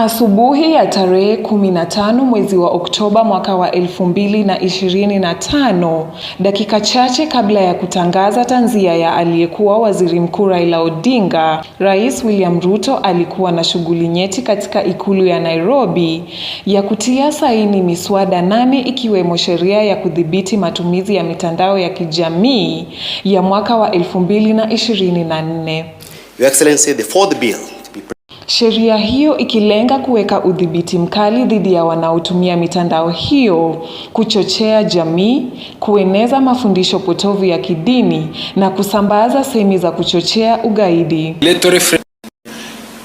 Asubuhi ya tarehe 15 mwezi wa Oktoba mwaka wa 2025, dakika chache kabla ya kutangaza tanzia ya aliyekuwa Waziri Mkuu Raila Odinga, Rais William Ruto alikuwa na shughuli nyeti katika ikulu ya Nairobi ya kutia saini miswada nane ikiwemo sheria ya kudhibiti matumizi ya mitandao ya kijamii ya mwaka wa 2024. Your Excellency, the fourth bill sheria hiyo ikilenga kuweka udhibiti mkali dhidi ya wanaotumia mitandao hiyo kuchochea jamii, kueneza mafundisho potovu ya kidini na kusambaza semi za kuchochea ugaidi.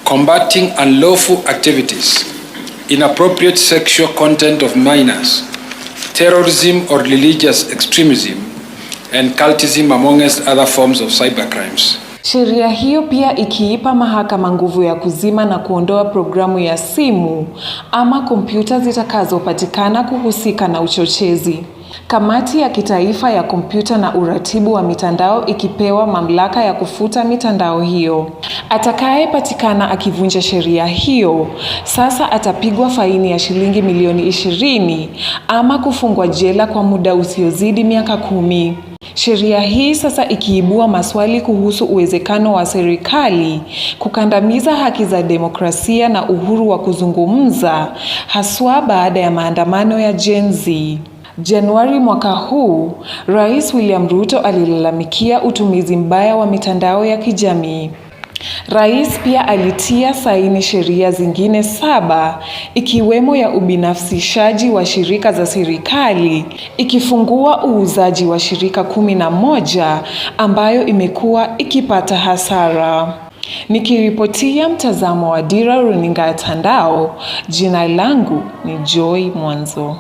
Combating unlawful activities, inappropriate sexual content of minors, terrorism or religious extremism and cultism amongst other forms of cybercrimes. Sheria hiyo pia ikiipa mahakama nguvu ya kuzima na kuondoa programu ya simu ama kompyuta zitakazopatikana kuhusika na uchochezi. Kamati ya Kitaifa ya Kompyuta na Uratibu wa Mitandao ikipewa mamlaka ya kufuta mitandao hiyo. Atakayepatikana akivunja sheria hiyo sasa atapigwa faini ya shilingi milioni ishirini ama kufungwa jela kwa muda usiozidi miaka kumi. Sheria hii sasa ikiibua maswali kuhusu uwezekano wa serikali kukandamiza haki za demokrasia na uhuru wa kuzungumza haswa baada ya maandamano ya Gen Z. Januari mwaka huu, Rais William Ruto alilalamikia utumizi mbaya wa mitandao ya kijamii. Rais pia alitia saini sheria zingine saba ikiwemo ya ubinafsishaji wa shirika za serikali ikifungua uuzaji wa shirika kumi na moja ambayo imekuwa ikipata hasara. Nikiripotia mtazamo wa Dira Runinga ya Tandao, jina langu ni Joy Mwanzo.